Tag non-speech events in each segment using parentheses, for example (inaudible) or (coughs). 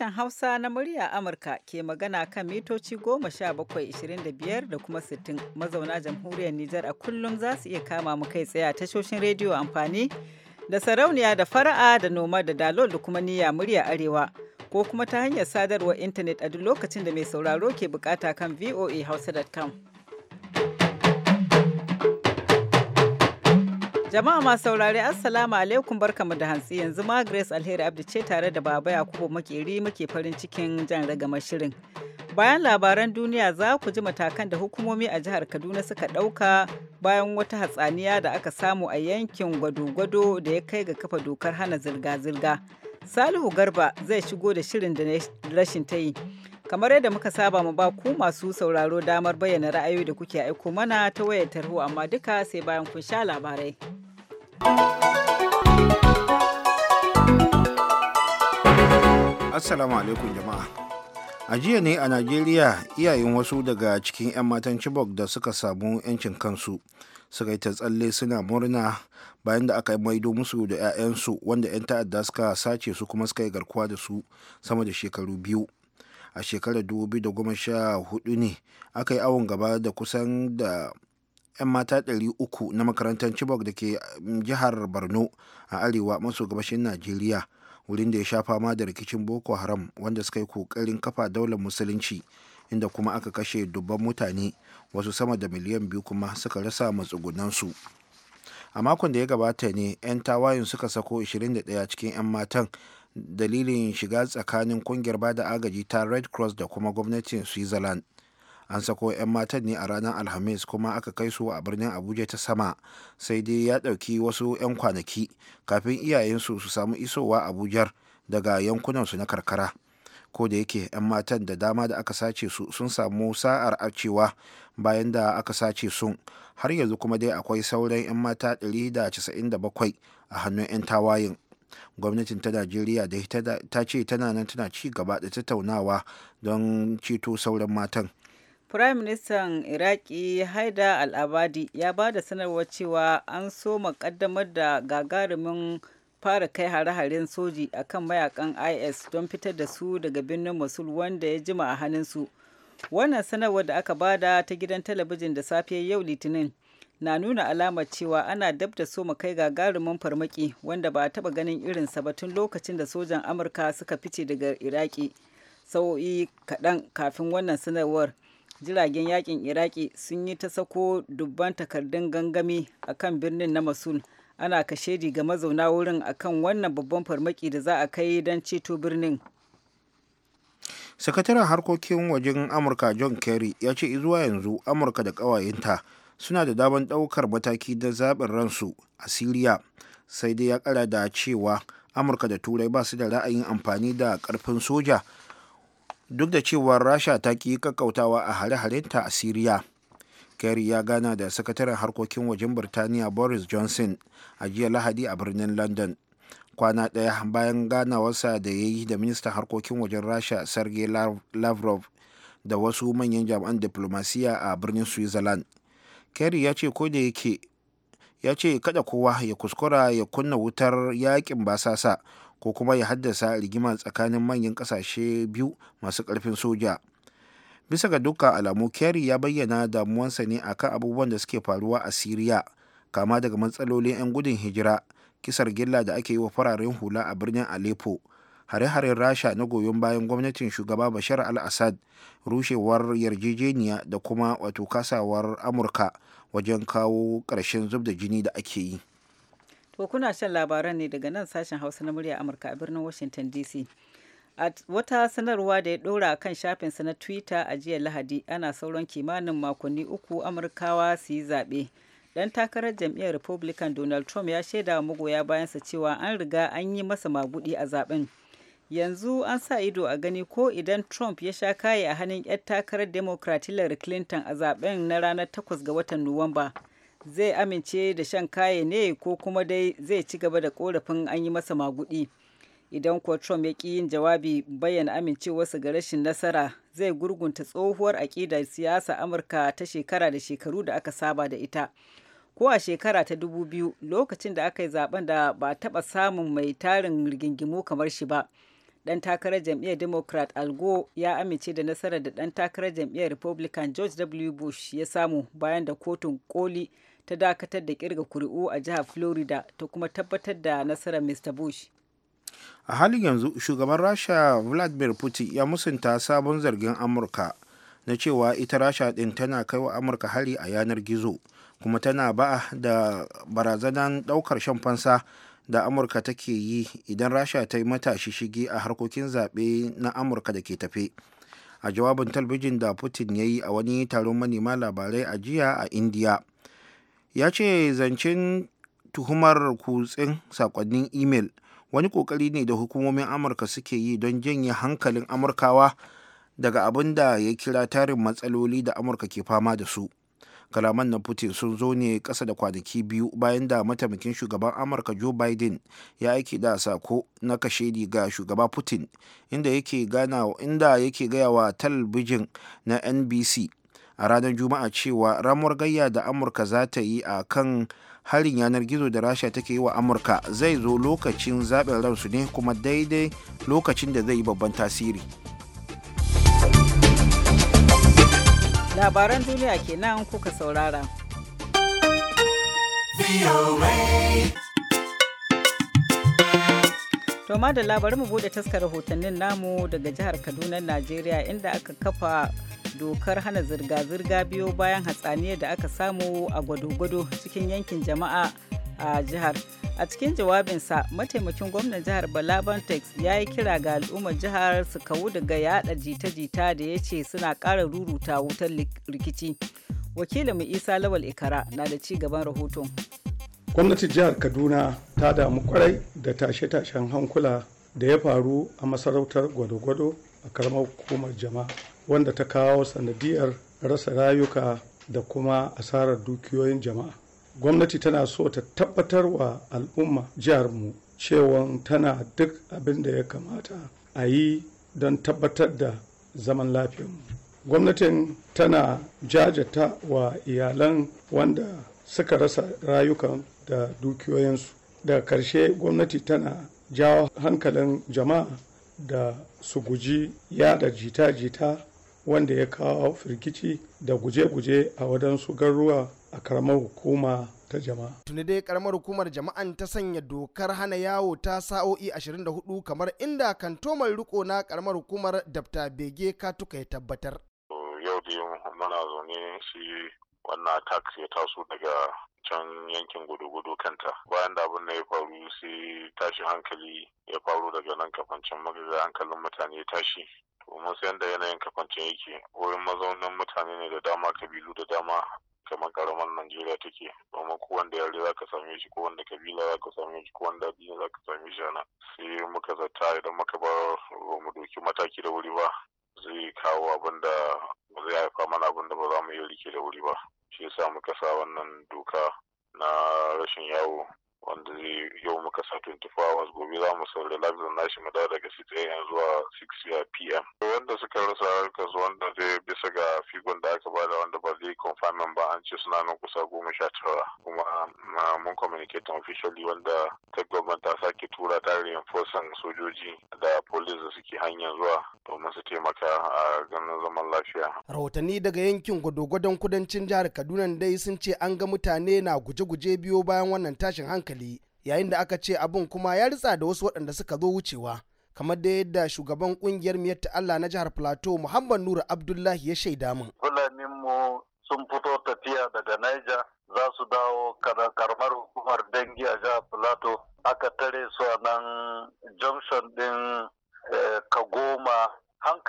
sashen Hausa na murya Amurka ke magana kan mitoci 17,25 da kuma 60 mazauna jamhuriyar Nijar a kullum za su iya kama mu kai tsaye a tashoshin rediyo amfani da sarauniya da fara'a da noma da dalol da kuma niyya murya arewa ko kuma ta hanyar sadarwar intanet a duk lokacin da mai sauraro ke bukata kan voahausa.com. Jama'a masu saurare Assalamu alaikum barkamu da hantsi yanzu ma Grace Alheri Abdi ce tare da Baba Yakubu Makeri muke farin cikin jan ragama shirin. Bayan labaran duniya za ku ji matakan da hukumomi a jihar Kaduna suka ɗauka bayan wata hatsaniya da aka samu a yankin gwado-gwado da ya kai ga kafa dokar hana zirga-zirga. Salihu Garba zai shigo da shirin da rashin ta yi. Kamar yadda muka saba mu ba ku masu sauraro damar bayyana ra'ayoyi da kuke aiko mana ta wayar tarho amma duka sai bayan kun sha labarai. Assalamu alaikum jama'a. A jiya ne a Najeriya iyayen wasu daga cikin 'yan matan Chibok da suka samu 'yancin kansu suka yi ta tsalle suna murna bayan da aka maido musu da 'ya'yansu wanda 'yan ta'adda suka sace su kuma suka yi garkuwa da su sama da shekaru biyu. A shekarar 2014 ne aka yi awon gaba da kusan da 'yan mata 300 na makarantar chibok da ke um, jihar borno a arewa maso gabashin najeriya wurin da ya sha fama da rikicin boko haram wanda suka yi kokarin kafa daular musulunci inda kuma aka kashe dubban mutane wasu sama da miliyan biyu kuma suka rasa matsugunansu a makon da ya gabata ne 'yan tawayen suka sako 21 cikin 'yan matan dalilin shiga tsakanin kungiyar bada agaji ta red cross da kuma gwamnatin switzerland an sako 'yan matan ne a ranar alhamis kuma aka kai su a birnin abuja ta sama sai dai ya ɗauki wasu 'yan kwanaki kafin iyayensu su samu isowa abujar daga yankunansu na karkara ko da yake 'yan matan da dama da aka sace su sun samu sa'ar cewa bayan da aka sace sun har yanzu kuma dai akwai sauran 'yan mata 197 a hannun 'yan tawayin gwamnatin ta najeriya da ta ce tana nan tana ci gaba da tattaunawa don ceto sauran matan Prime Ministan Iraki Haida al-Abadi ya ba da sanarwar cewa an so makaddamar da gagarumin fara kai hare-haren soji a kan mayakan IS don fitar da su daga birnin Mosul wanda ya jima a hannunsu. Wannan sanarwar da aka bada ta gidan talabijin da safiyar yau Litinin na nuna alamar cewa ana dab da so kai gagarumin farmaki wanda ba a taba ganin irinsa ba tun lokacin da sojan Amurka suka fice daga Iraki. Sau'i kaɗan kafin wannan sanarwar. jiragen yakin iraki sun yi ta sako dubban takardun gangami a kan birnin na masul ana kashedi ga mazauna wurin akan wannan babban farmaki da za a kai don ceto birnin sakataren harkokin wajen amurka john kerry ya ce zuwa yanzu amurka da ƙawayenta suna da daban ɗaukar mataki da zaɓin ransu a siriya sai dai ya ƙara da cewa amurka da turai ba su da ra'ayin amfani da ƙarfin soja duk da cewa rasha ta ƙi kakkautawa a hare ta a siriya kerry ya gana da sakataren harkokin wajen birtaniya boris johnson a jiya lahadi a birnin london kwana ɗaya bayan ganawarsa da ya yi da ministan harkokin wajen rasha sergei lavrov da wasu manyan jami'an diplomasiya a birnin switzerland kerry ya ce ko da yake ya ce kada kowa ya kuskura ya kunna wutar yakin basasa ko kuma ya haddasa rigima tsakanin manyan ƙasashe biyu masu ƙarfin soja bisa ga dukkan alamu kerry ya bayyana damuwansa ne a kan abubuwan da suke faruwa a siriya kama daga matsalolin 'yan gudun hijira kisar gilla da ake yi wa fararen hula a birnin aleppo hare-haren rasha na goyon bayan gwamnatin shugaba bashar al-assad rushewar yarjejeniya da kuma wato kasawar amurka wajen kawo ƙarshen zub da jini da ake yi To kuna shan labaran ne daga nan sashen Hausa na murya Amurka a birnin Washington DC. A wata sanarwa da ya ɗora kan shafinsa na Twitter a jiya Lahadi ana sauran kimanin makonni uku Amurkawa su yi zaɓe. Dan takarar jam'iyyar Republican Donald Trump ya shaida wa magoya bayansa cewa an riga an yi masa magudi a zaɓen Yanzu an sa ido a gani ko idan Trump ya sha kaye a hannun 'yar takarar Democrat Hillary Clinton a zaɓen na ranar 8 ga watan Nuwamba. zai amince da shan kaye ne ko kuma dai zai ci gaba da korafin an yi masa magudi idan kuwa trump ya ƙi yin jawabi bayyana amincewarsa ga rashin nasara zai gurgunta tsohuwar aƙidar siyasa amurka ta shekara da shekaru da aka saba da ita ko a shekara ta dubu biyu lokacin da aka yi zaben da ba taɓa samun mai tarin rigingimu kamar shi ba dan takarar jam'iyyar democrat al gore ya amince da nasarar da dan takarar jam'iyyar republican george w bush ya samu bayan da kotun koli ta dakatar da kirga kuri'u a jihar florida ta kuma tabbatar da nasarar mr bush a halin yanzu shugaban rasha vladimir putin ya musanta sabon zargin amurka na cewa ita rasha din tana kai wa amurka hari a yanar gizo kuma tana ba da barazanan daukar shan fansa da amurka take yi idan rasha ta yi matashi shige a harkokin zaɓe na amurka da ke tafe a jawabin talbijin da putin ya yi a wani taron manema labarai a jiya a indiya ya ce zancen tuhumar kutsen sakonnin imel wani kokari ne da hukumomin amurka suke yi don janye hankalin amurkawa daga abin da ya kira tarin matsaloli da amurka ke fama da su kalaman na putin sun zo ne kasa da kwanaki biyu bayan da mataimakin shugaban amurka joe biden ya aiki da sako na kashedi ga shugaba putin inda yake gaya wa talabijin na nbc a ranar juma'a cewa ramuwar gayya da amurka za ta yi a kan harin yanar gizo da rasha take yi wa amurka zai zo lokacin zaɓin ransu ne kuma daidai lokacin da zai yi babban tasiri labaran duniya kenan kuka saurara To da labarin mu bude taskar rahotannin namu daga jihar Kaduna, Najeriya inda aka kafa dokar hana zirga-zirga biyo bayan hatsaniyar da aka samu a gwado-gwado cikin yankin jama'a a jihar a cikin jawabinsa mataimakin gwamnan jihar bala ya yi kira ga al'ummar jihar su kawu daga yada jita-jita da ya ce suna ƙara ruruta wutar rikici wakilin mu isa lawal ikara na da ci gaban rahoton gwamnatin jihar kaduna ta damu kwarai da tashe-tashen hankula da ya faru a masarautar gwado-gwado a karamar hukumar jama'a wanda ta kawo sanadiyar rasa rayuka da kuma asarar dukiyoyin jama'a gwamnati tana so ta tabbatar wa al'umma jihar mu. cewa tana duk abin da ya kamata a yi don tabbatar da zaman lafiyarmu gwamnatin tana jajata wa iyalan wanda suka rasa rayukan da dukiyoyinsu daga karshe gwamnati tana jawo hankalin jama'a da su guji yada jita-jita wanda ya kawo firgici da guje-guje a wadansu garuwa a karamar hukuma ta jama'a. Tuni dai karamar hukumar jama'an ta sanya dokar hana yawo ta sa'o'i 24 kamar inda kantomar riko na karamar hukumar dabta bege katuka ya tabbatar. Yau da muna zaune shi wannan tax ya taso daga can yankin gudu-gudu kanta bayan da abin da ya faru sai tashi hankali ya faru daga nan kafin can magaza hankalin mutane ya tashi kuma sai da yanayin kafancin yake wurin mazaunin mutane ne da dama kabilu da dama kamar karamar Najeriya take domin ko wanda yare za ka same shi ko wanda kabila za ka same shi ko wanda addini za ka same shi ana sai muka zata idan muka bar mu doki mataki da wuri ba zai kawo abin da zai haifa mana abin da ba za mu yi rike da wuri ba shi yasa muka sa wannan doka na rashin yawo wanda yau muka sa 24 hours gobe za mu sau relaxin nashi mu dawo daga 6 a.m. zuwa 6 p.m. wanda suka rasa harkar su wanda zai bisa ga figon da aka bada wanda ba zai confirmin ba an ce suna nan kusa goma sha tara kuma mun communicate officially wanda ta gwamnati ta sake tura ta reinforcing sojoji da police da suke hanyar zuwa domin su taimaka a ganin zaman lafiya. Rahotanni daga yankin gwado-gwadon kudancin jihar Kaduna dai sun ce an ga mutane na guje-guje biyo bayan wannan tashin hankali. hankali yayin da aka ce abin kuma ya ritsa da wasu waɗanda suka zo wucewa kamar da yadda shugaban kungiyar miyar Allah na jihar Plateau Muhammad Nura Abdullahi ya shaida min. mu sun fito tafiya daga Niger za su dawo karamar hukumar dangi a jihar Plateau aka tare su a nan junction din eh, Kagoma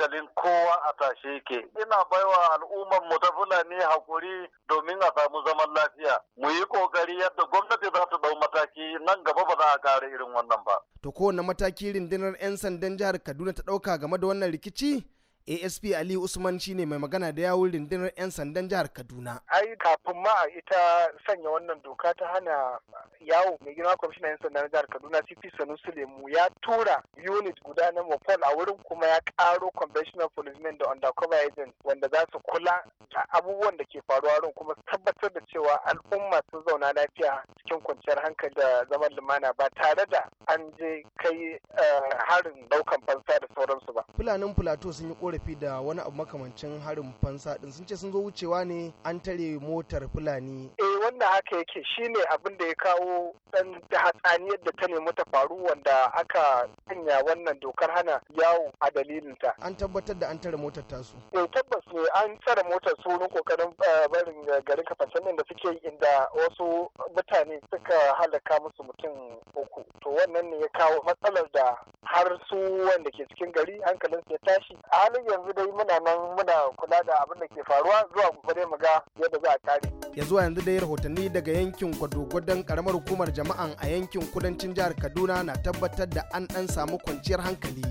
hankalin kowa a tashe yake ina baiwa al'ummar mu ta fulani hakuri domin a samu zaman lafiya mu yi kokari yadda gwamnati za ta dau mataki nan gaba ba za a kare irin wannan ba to kowane mataki rundunar 'yan sandan jihar kaduna ta ɗauka game da wannan rikici asp ali usman shine mai magana da yawun rundunar 'yan sandan jihar kaduna ai kafin ma ita sanya wannan doka ta hana yawo mai girma kwamishinan 'yan sandan jihar kaduna cp sanusi lemu ya tura unit guda na mopol a wurin kuma ya karo conventional policemen da undercover agent wanda za su kula da abubuwan da ke faruwa wurin kuma tabbatar da cewa al'umma sun zauna lafiya cikin kwanciyar hankali da zaman lumana ba tare da an je kai eh, harin daukan fansa da sauransu ba fulanin plateau sun yi korafi da wani abu makamancin harin fansa din sun ce sun zo wucewa ne an tare motar fulani eh wannan haka yake shine abin da ya kawo dan da hatsaniyar da ta nemi ta faru wanda aka sanya wannan dokar hana yawo a dalilinta. An tabbatar da an tare motar tasu. Eh tabbas ne an tara motar su wurin kokarin eh, barin eh, garin kafancan da suke inda wasu mutane suka halaka musu mutum uku. To wannan ne ya kawo matsalar da har su wanda ke cikin gari hankalin ya tashi. A halin yanzu dai muna nan muna kula da abin da ke faruwa zuwa gobe mu ga yadda za a kare. ya zuwa yanzu dai rahotanni daga yankin gwadogwadon karamar hukumar jama'an a yankin kudancin jihar kaduna na tabbatar da an dan samu kwanciyar hankali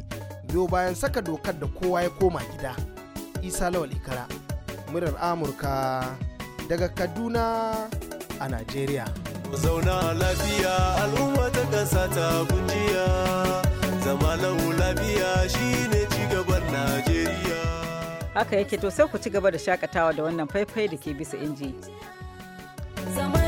biyu bayan saka dokar da kowa ya koma gida isa lawal ikara murar amurka daga kaduna a najeriya zauna lafiya al'umma ta kasa ta zama lafiya shine cigaban najeriya haka yake to sai ku ci gaba da shakatawa da wannan faifai da ke bisa inji. Zama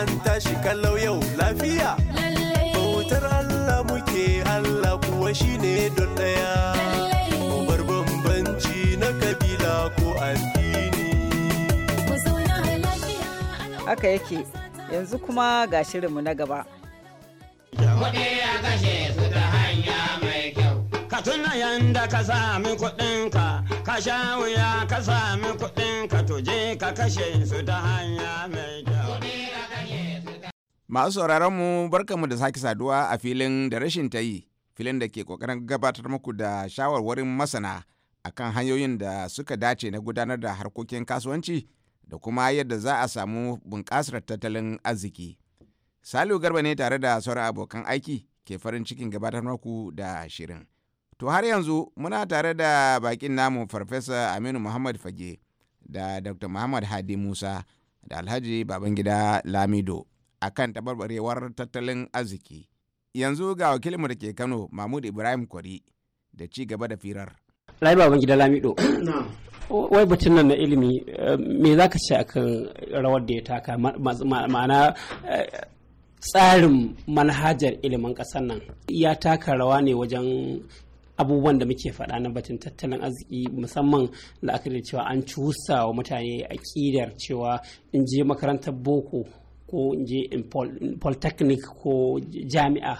an tashi kallau yau lafiya bautar Allah muke Allah kuwa shine don daya bar bambanci na kabila ko addini aka yake yanzu kuma ga shirinmu na gaba kuɗi a kashe su ta hanya mai kyau ka tuna yanda ka sami kuɗinka ka sha wuya ka sami kuɗinka tuje ka kashe su ta hanya mai kyau Masu sauraron mu barkamu da sake saduwa a filin da rashin ta yi, filin da ke kokarin gabatar muku da shawarwarin masana a kan hanyoyin da suka dace na gudanar da harkokin kasuwanci da kuma yadda za a samu bunƙasar tattalin arziki. Salu Garba ne tare da sauran abokan aiki ke farin cikin gabatar muku da shirin. To har yanzu muna tare da bakin namu Farfesa Aminu Muhammad Fage da Dr. Muhammad Hadi Musa da Alhaji Babangida Lamido. A kan tabarbarewar tattalin arziki. Yanzu ga wakilinmu da ke Kano Mahmud Ibrahim Kwari da ci gaba da firar. Lai baban gida Lamido. (coughs) Wai batun nan na ilimi eh, me za ka ce akan rawar da ya taka ma'ana eh, tsarin manhajar ilimin ƙasar nan ya taka rawa ne wajen abubuwan da muke faɗa na batun tattalin arziki musamman aka da cewa an cusa wa mutane aƙidar cewa in je makarantar boko ko in je in polytechnic ko jami'a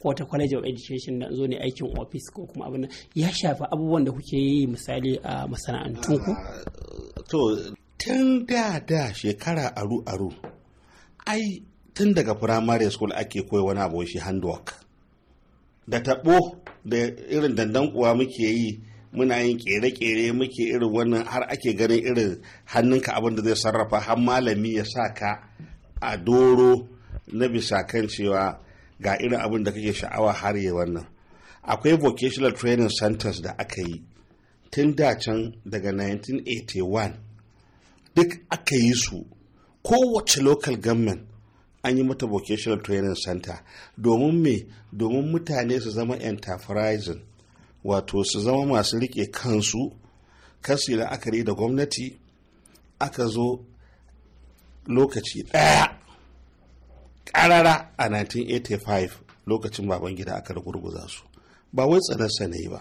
ko ta college of education da zo ne aikin office ko kuma abin ya shafi abubuwan da kuke yi misali a masana'antun ku uh, to tun da da shekara aru aru ai tun daga primary school ake koyi wani abu shi handwork da tabo da irin dandan kuwa muke yi muna yin kere-kere muke irin wannan har ake ganin irin hannunka abin da zai sarrafa har malami ya sa ka a doro na bisa kan cewa ga irin abin da kake sha'awa har yi wannan akwai vocational training centers da aka yi tun da can daga 1981 duk aka yi su kowace local government an yi mata vocational training center domin me domin mutane su zama enterprising wato su zama masu rike kansu kasi la'akari da gwamnati aka zo lokaci ɗaya karara a 1985 lokacin baban gida aka gurguza su ba wai tsanar sanayi ba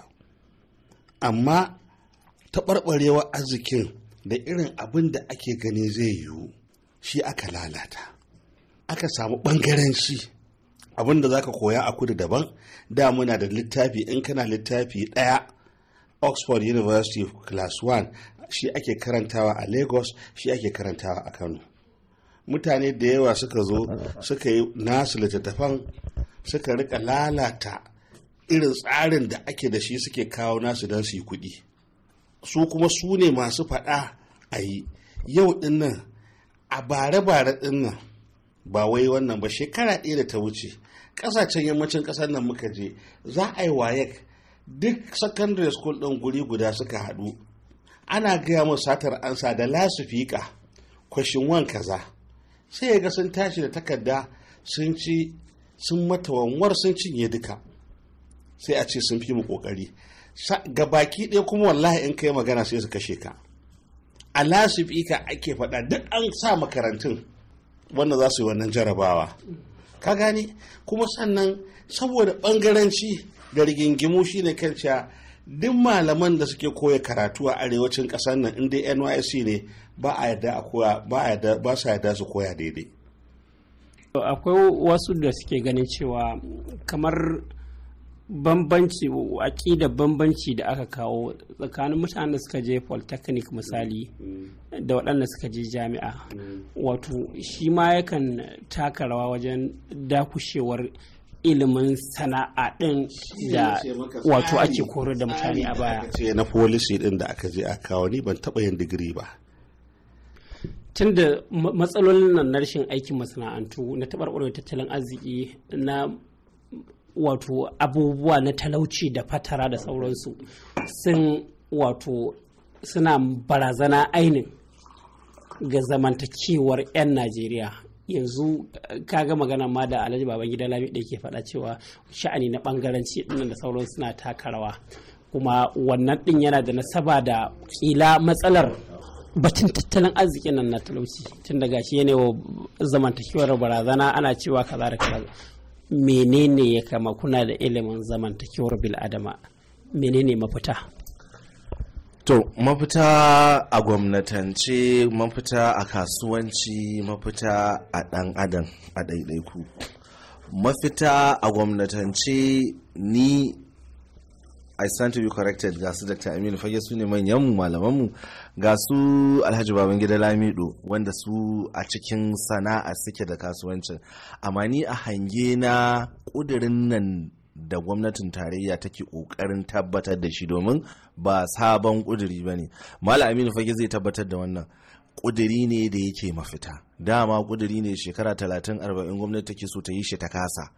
amma taɓarɓarewar arzikin da irin abin da ake gani zai yiwu shi aka lalata aka samu ɓangaranci abin da za ka koya a kudu daban da muna da littafi in kana littafi ɗaya oxford university class 1 shi ake karantawa a lagos shi ake karantawa a kano mutane da yawa suka zo suka yi nasu littattafan suka rika lalata irin tsarin da ake da shi suke kawo nasu don su yi kuɗi su kuma su ne masu faɗa a yi yau dinnan a bare-bare dinnan ba wai wannan ba shekara ɗaya da ta wuce ƙasashen yammacin ƙasar nan muka je za a yi wayek duk secondary school ɗin guri guda suka haɗu ana gaya mu satar ansa da lasifika kwashin wan kaza sai ya ga sun tashi da takarda sun ci sun mata wanwar sun cinye duka sai a ce sun fi mu kokari ga baki ɗaya kuma wallahi in kai magana sai su kashe ka a lasifika ake faɗa duk an sa makarantun wanda za su yi wannan jarabawa ka gani kuma sannan saboda ɓangaranci da rigingimu shine kan kanciya duk malaman da suke koya karatu a arewacin ƙasar nan inda nysc ne ba a yarda su yarda su koya daidai akwai wasu da suke ganin cewa kamar bambanci da bambanci da aka kawo tsakanin mutanen da suka je polytechnic misali da waɗanda suka je jami'a wato shi ma yakan taka rawa wajen dakushewar ilimin sana'a ɗin da wato ake kore da mutane a baya na policy ɗin da aka je a kawo ni ban taɓa yin digiri ba tun da matsalolin nan na rashin aikin masana'antu na taɓarɓarewar tattalin arziki na wato abubuwa na talauci da fatara da sauransu sun wato suna barazana ainin ga zamantakewar 'yan najeriya yanzu ka ga magana ma da alhaji baban gida lami da ke faɗa cewa sha'ani na ɓangaranci ɗinnan da sauran suna taka rawa kuma wannan ɗin yana da nasaba da ƙila matsalar batun tattalin arzikin nan na talauci tun daga shi ne wa zamantakewar barazana ana cewa kaza da kaza menene ya kama kuna da ilimin zamantakewar bil'adama menene mafita to mafita a gwamnatance mafita a kasuwanci mafita a dan adam a ɗaiɗaiku mafita a gwamnatance ni I stand to be corrected ga su Dr. Aminu fage su ne manyan malamanmu ga su Alhaji Babangida Lamido wanda su a cikin sana'a suke da kasuwancin amma ni a hange na ƙudirin nan da gwamnatin tarayya take kokarin tabbatar da shi domin ba sabon kuduri ba ne malam aminu fage zai tabbatar da wannan kuduri ne da yake mafita dama kuduri ne shekara 30-40 gwamnati take so ta yi shi ta kasa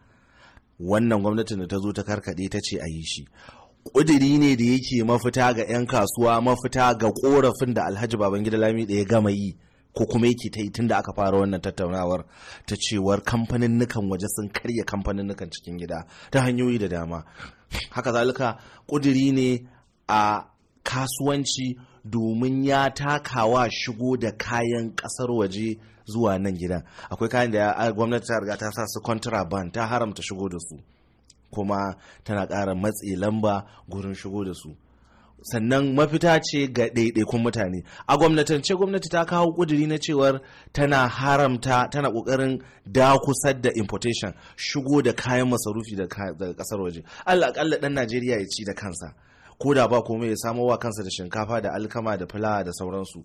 wannan gwamnatin da ta zo ta karkade ta ce a yi shi ƙudiri ne da yake mafita ga 'yan kasuwa mafita ga ƙorafin da alhaji babangida lami da ya gama yi ko kuma yake ta yi tun da aka fara wannan tattaunawar ta cewar kamfanin nukan waje sun karya kamfanin nukan cikin gida ta hanyoyi da dama haka zalika ƙudiri ne a kasuwanci domin ya takawa shigo da kayan ƙasar waje zuwa nan gida akwai kayan da gwamnati ta riga ta sa su contraband ta haramta shigo da su kuma tana ƙara matsi lamba gurin shigo da su sannan mafita ce ga ɗaiɗaikun mutane a gwamnatance gwamnati ta kawo ƙuduri na cewar tana haramta tana ƙoƙarin dakusar da importation shigo da kayan masarufi daga ƙasar waje allakalla ɗan najeriya ya ci da kansa ko da ba komai ya samo wa kansa da shinkafa da alkama da fulawa da sauransu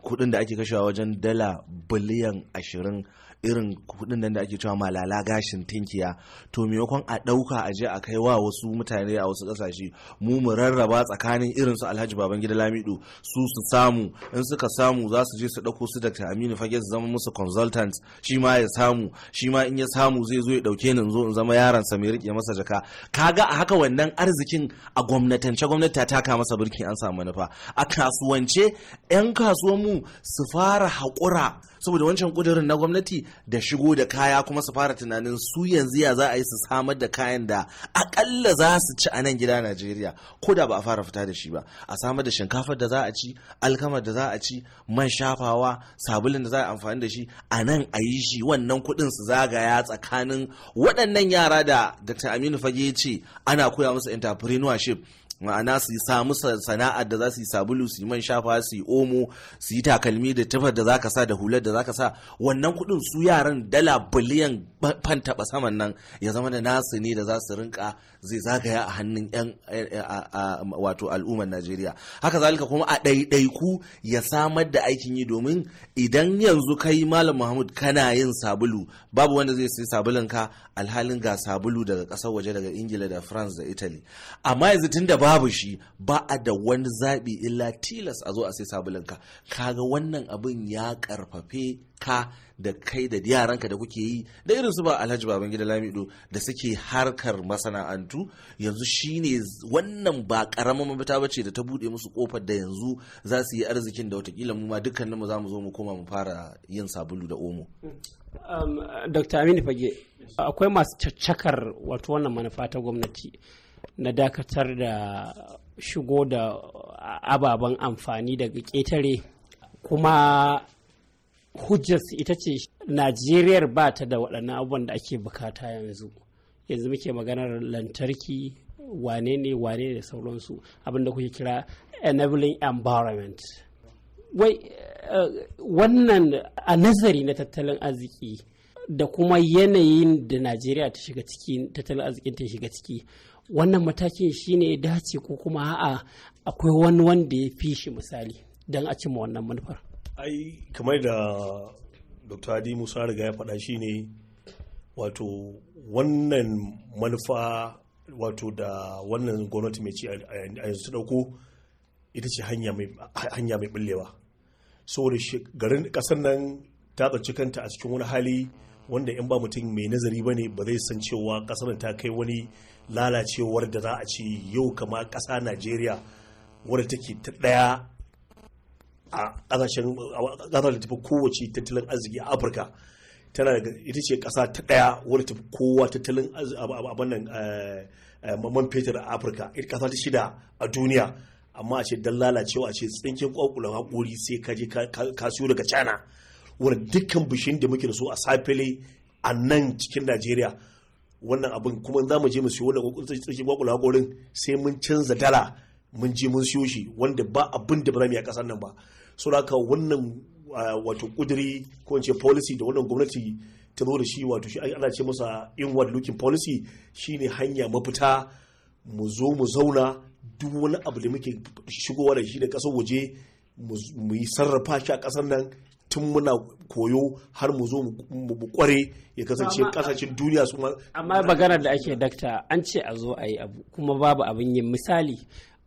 kuɗin da ake kashewa wajen dala biliyan ashirin irin kudin nan da ake cewa malala gashin tinkiya to maimakon a dauka a je a kai wa wasu mutane a wasu kasashe mu mu rarraba tsakanin irin su Alhaji Babangida Lamido su su samu in suka samu za su je su dauko su Dr. Aminu Fage su zama musu consultant shi ma ya samu shi ma in ya samu zai zo ya dauke ni in zo in zama yaron sa mai rike masa jaka kaga a haka wannan arzikin a gwamnatance gwamnati ta taka masa birki an samu manufa a kasuwance 'yan kasuwan mu su fara haƙura saboda wancan kudirin na gwamnati da shigo da kaya kuma su fara tunanin su yanzu ya za a yi su samar da kayan da akalla za su ci a nan gida Najeriya ko da ba a fara fita da shi ba a samar da shinkafar da za a ci alkamar da za a ci man shafawa sabulin da za a amfani da shi a nan a yi shi wannan kuɗin su zagaya tsakanin waɗannan yara da Dr. Aminu Fage ce ana koya musu entrepreneurship ma'ana su samu sana'ar da za su yi sabulu su yi man shafa su yi omo su yi takalmi da tufar da zaka sa da hular da zaka sa wannan kuɗin su yaran dala biliyan fan taɓa saman nan ya zama da nasu ne da za su rinka zai zagaya a hannun yan wato al'ummar najeriya haka zalika kuma a ɗaiɗaiku ya samar da aikin yi domin idan yanzu kai malam muhammad kana yin sabulu babu wanda zai sai sabulun ka alhalin ga sabulu daga ƙasar waje daga ingila da france da italy amma yanzu tun da ba babu shi ba a da wani zaɓi illa tilas a zo a sai sabulunka kaga wannan abin ya karfafe ka da kai da yaranka da kuke yi da irin su ba alhaji baban gida lamido da suke harkar masana'antu yanzu shine wannan ba karamin mafita ba ce da ta buɗe musu kofar da yanzu za su yi arzikin da watakila mu ma dukkanin mu za mu zo mu koma mu fara yin sabulu da omo um, dr aminu fage akwai masu caccakar wato wannan manufa ta gwamnati na dakatar da shigo da ababen amfani daga ƙetare kuma hujjar ita ce najeriyar ba ta da waɗannan abubuwan da ake bukata yanzu yanzu muke maganar lantarki wane ne wane da sauransu abinda kuke kira enabling environment wai eh, wannan a nazari na tattalin arziki da kuma yanayin da najeriya ta shiga ciki tattalin arzikin ta shiga ciki wannan matakin shi ne dace ko kuma a'a akwai wani wanda ya fi shi misali don a cimma wannan manufar ai kamar da dr adi musa riga ya faɗa shine wato wannan manufa wato da wannan gwamnati mai ci a yanzu ta ɗauko ita ce hanya mai ɓullewa saboda garin ƙasar nan ta tsanci kanta a cikin wani hali wanda in ba mutum mai nazari ba ne ba zai san cewa kasar ta kai wani lalacewar da za a ce yau kama kasa najeriya wadda take ta daya a kasashen kasar da tafi kowace tattalin arziki a afirka tana ita ce kasa ta daya wadda tafi kowa tattalin abin nan eh, eh, man fetur a afirka ita kasa ta shida a duniya amma a ce don lalacewa a ce tsinkin kwakwula haƙuri sai ka je ka siyo daga china Wani dukkan bishin da muke da su a safele a nan cikin najeriya wannan abin kuma za mu je mu siyo wannan tsirkin kwakula sai mun canza dala mun je mun siyo shi wanda ba abin da ba za mu yi a ƙasar nan ba so haka wannan wato kuduri ko in ce policy da wannan gwamnati ta zo da shi wato shi ana ce masa inward looking policy shine hanya mafita mu zo mu zauna duk wani abu da muke shigowa da shi da kasar waje mu yi sarrafa shi a ƙasar nan tun muna koyo har mu zo mu kware ya kasance kasashen duniya su amma maganar da ake dakta an ce a zo a yi abu kuma babu abin yin misali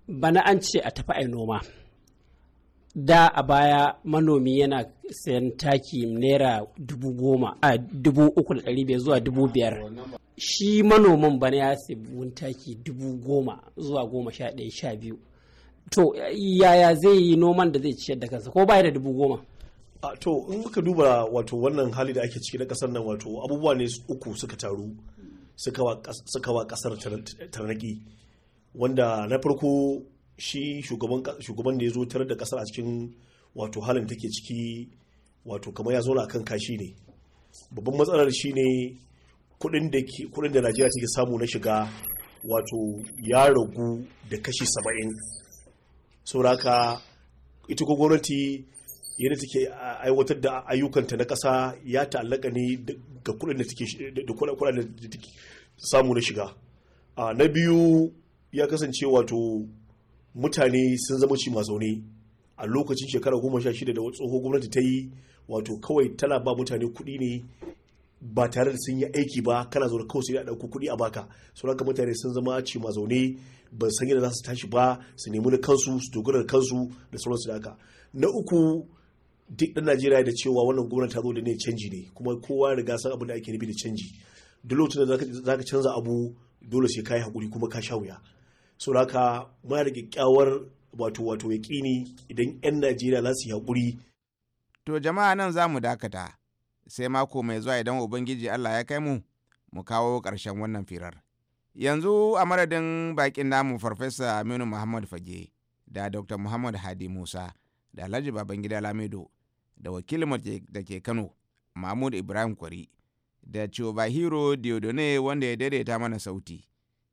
bana an ce a tafi ai noma da a baya manomi yana sayan taki naira dubu goma a dubu uku da ɗari biyar zuwa dubu biyar shi manomin bana ya sayi taki dubu goma zuwa goma sha ɗaya sha biyu to yaya zai yi noman da zai ciyar da kansa ko baya da dubu goma to in muka duba wato wannan hali da ake ciki na kasar nan wato abubuwa ne uku suka taru suka wa kasar tarnaki wanda na farko shi shugaban da ya zo tare da kasar a cikin wato halin take ciki wato kamar ya zauna kan kashi ne babban matsalar shi ne kudin da najeriya take samu na shiga wato ya ragu da kashi saba'in sauraka ita ko gwamnati yadda take aiwatar da ayyukanta na kasa ya ta'allaka ne ga kuɗin da take da kudin da take samu na shiga ah, na biyu ya kasance wato mutane sun zama ci ne a lokacin shekara goma sha shida da tsohon gwamnati ta yi wato kawai tana ba mutane kuɗi ne ba tare da sun yi aiki ba kana zaune kawai sai a ɗauko kuɗi a baka sun haka mutane sun zama ci ma zaune ban san yadda za su tashi ba su nemi na kansu su dogara da kansu da sauransu da haka na uku duk ɗan najeriya da cewa wannan gwamnati ta zo da ne canji ne kuma kowa ya riga san abin da ake nufi da canji duk lokacin da za ka canza abu dole sai ka yi hakuri kuma ka sha wuya so haka muna da kyakkyawar wato wato yaƙini idan 'yan najeriya za su yi hakuri. to jama'a nan za mu dakata sai mako mai zuwa idan ubangiji allah ya kai mu mu kawo karshen wannan firar yanzu a madadin bakin namu farfesa aminu muhammad fage da dr muhammad hadi musa da alhaji babangida lamido da wakilin da ke kano mahmud ibrahim kwari da Chobahiro Diodone wanda ya daidaita mana sauti.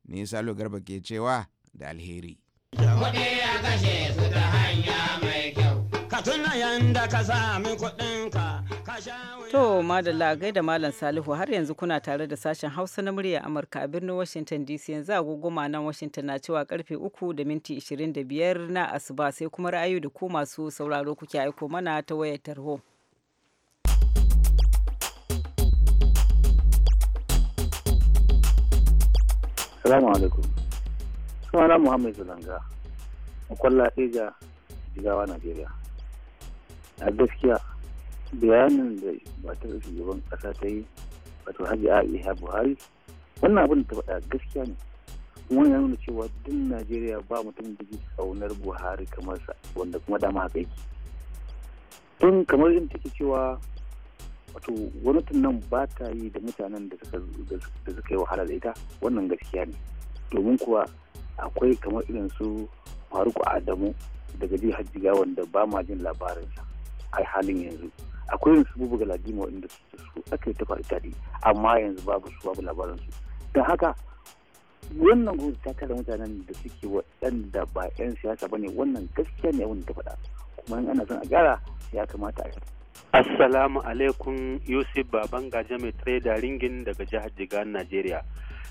Ni Salo Garba ke cewa da alheri. Kuɗi Ka tuna yanda ka sami ka. To madalla da Malam Salihu har yanzu kuna tare da sashen Hausa na murya Amurka a birnin Washington DC yanzu agogoma nan Washington na cewa karfe 3 da minti 25 na asuba sai kuma ra'ayi da ku masu sauraro kuke aiko mana ta wayar tarho. Salamu alaikum. Sunana Muhammad Zulanga. Mukwalla Eja, Jigawa, Najeriya. A gaskiya bayanin da matar shugaban ƙasa ta yi wato hajji aisha buhari wannan abin da ta faɗa gaskiya ne kuma ya nuna cewa duk najeriya ba mutum da ke kaunar buhari kamar sa wanda kuma dama haka yake tun kamar yadda take cewa wato gwamnatin nan ba ta yi da mutanen da suka yi wahala da ita wannan gaskiya ne domin kuwa akwai kamar irin su faruku adamu daga jihar jigawa wanda ba ma jin labarinsa a halin yanzu akwai yanzu bubu galadima inda su aka yi tafa itali amma yanzu babu su babu labaran su don haka wannan gudu ta kada mutanen da suke waɗanda ba 'yan siyasa ba ne wannan gaskiya ne wanda ta faɗa kuma in ana son a gyara ya kamata a yi Assalamu alaikum Yusuf Baban Gaje mai da Ringin daga jihar Jigar Najeriya.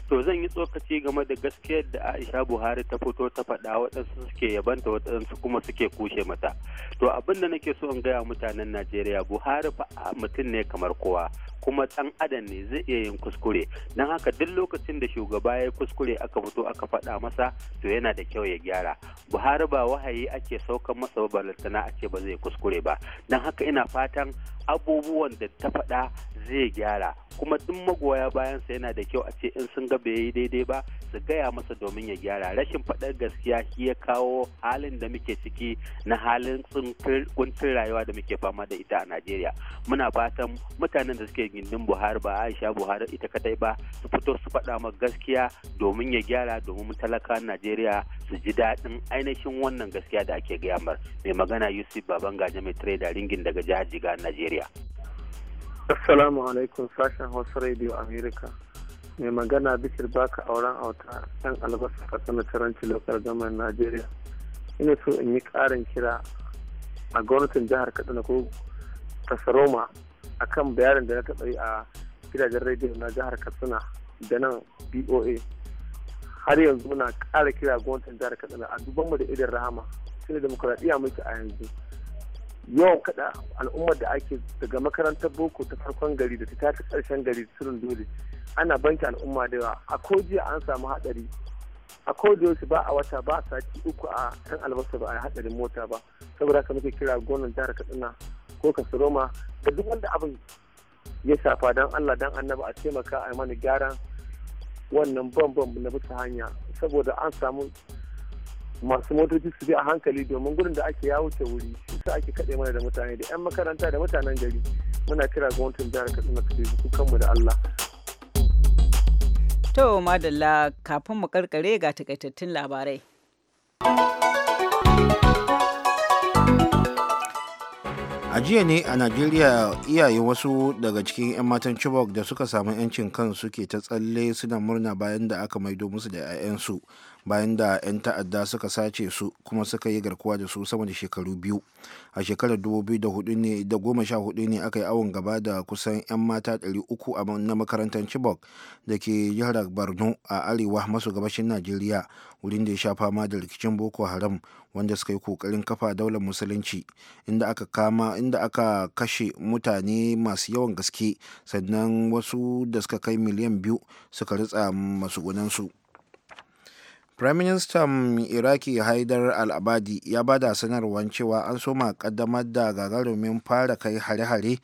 to zan yi tsokaci game da gaskiyar da aisha buhari ta fito ta faɗa waɗansu suke yabanta waɗansu kuma suke kushe mata to abinda da nake so in gaya mutanen najeriya buhari fa mutum ne kamar kowa kuma ɗan adam ne zai iya yin kuskure don haka duk lokacin da shugaba ya kuskure aka fito aka faɗa masa to yana da kyau ya gyara buhari ba wahayi ake saukan masa balantana a ce ba zai kuskure ba don haka ina fatan abubuwan da ta faɗa zai gyara kuma duk magoya bayansa yana da kyau a ce in sun ga bai yi daidai ba su gaya masa domin ya gyara rashin faɗar gaskiya shi ya kawo halin da muke ciki na halin kuntun rayuwa da muke fama da ita a najeriya muna fatan mutanen da suke gindin buhari ba aisha buhari ita kadai ba su fito su faɗa ma gaskiya domin ya gyara domin talaka najeriya su ji daɗin ainihin wannan gaskiya da ake gaya mar mai magana yusuf baban gaje mai trader ringin daga jihar jiga najeriya assalamu alaikum sashen hausa radio america mai magana bishir baka auren auta yan albasa a sanar lokar gaman najeriya ina so in yi karin kira a gwamnatin jihar kaduna ko saroma akan bayanin da na taɓa yi a gidajen rediyo na jihar katsina da nan boa har yanzu muna ƙara kira gwamnatin jihar katsina a duban mu da idan rahama sai da demokuraɗiyya muke a yanzu yawan kada al'ummar da ake daga makarantar boko ta farkon gari da ta tafi ƙarshen gari sirrin dole ana banki al'umma da yawa a jiya an samu haɗari a yaushe ba a wata ba a sati uku a kan albasa ba a haɗarin mota ba saboda haka muke kira gwamnatin jihar katsina ko kasaroma da duk wanda abin ya shafa don Allah don annaba a taimaka a mana gyaran wannan bambam na bisa hanya saboda an samu masu motoci su bi a hankali domin gudun da ake yawo ta wuri sai ake kaɗe mana da mutane da 'yan makaranta da mutanen gari muna kira gwamnatin jihar katsina ta ku kanmu da Allah. To madalla kafin mu karkare ga takaitattun labarai. a jiya ne a najeriya iyaye wasu daga cikin 'yan matan chibok da suka samu 'yancin kan suke ta tsalle suna murna bayan da aka maido musu da 'ya'yansu bayan da 'yan ta'adda suka sace su kuma suka yi garkuwa da su sama da shekaru biyu a shekarar 2014 ne aka yi awon gaba da kusan 'yan mata 300 na makarantar chibok da ke jihar borno a arewa maso gabashin najeriya wurin da ya sha fama da rikicin boko haram wanda suka yi kokarin kafa daular musulunci inda aka kama inda aka kashe mutane masu yawan gaske sannan wasu da suka kai miliyan biyu suka ritsa masu su Minister iraki haidar al-abadi ya ba da sanarwar cewa an soma kaddamar da gagarumin fara kai hare-hare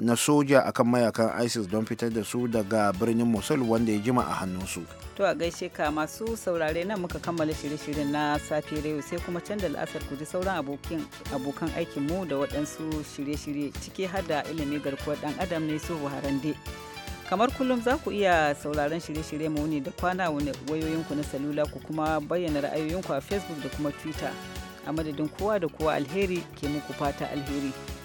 na soja akan mayakan isis don fitar da su daga birnin mosul wanda ya jima a hannunsu to a gaishe ka masu saurare nan muka kammala shirye-shiryen na safiyar yau sai kuma can da la'asar ku ji sauran abokan aikin mu da waɗansu shirye-shirye ciki har da ilimi garkuwar ɗan adam ne su buharande kamar kullum za ku iya sauraron shirye-shirye mu ne da kwana wayoyinku na salula ku kuma bayyana ra'ayoyinku a facebook da kuma twitter a madadin kowa da kowa alheri ke muku fata alheri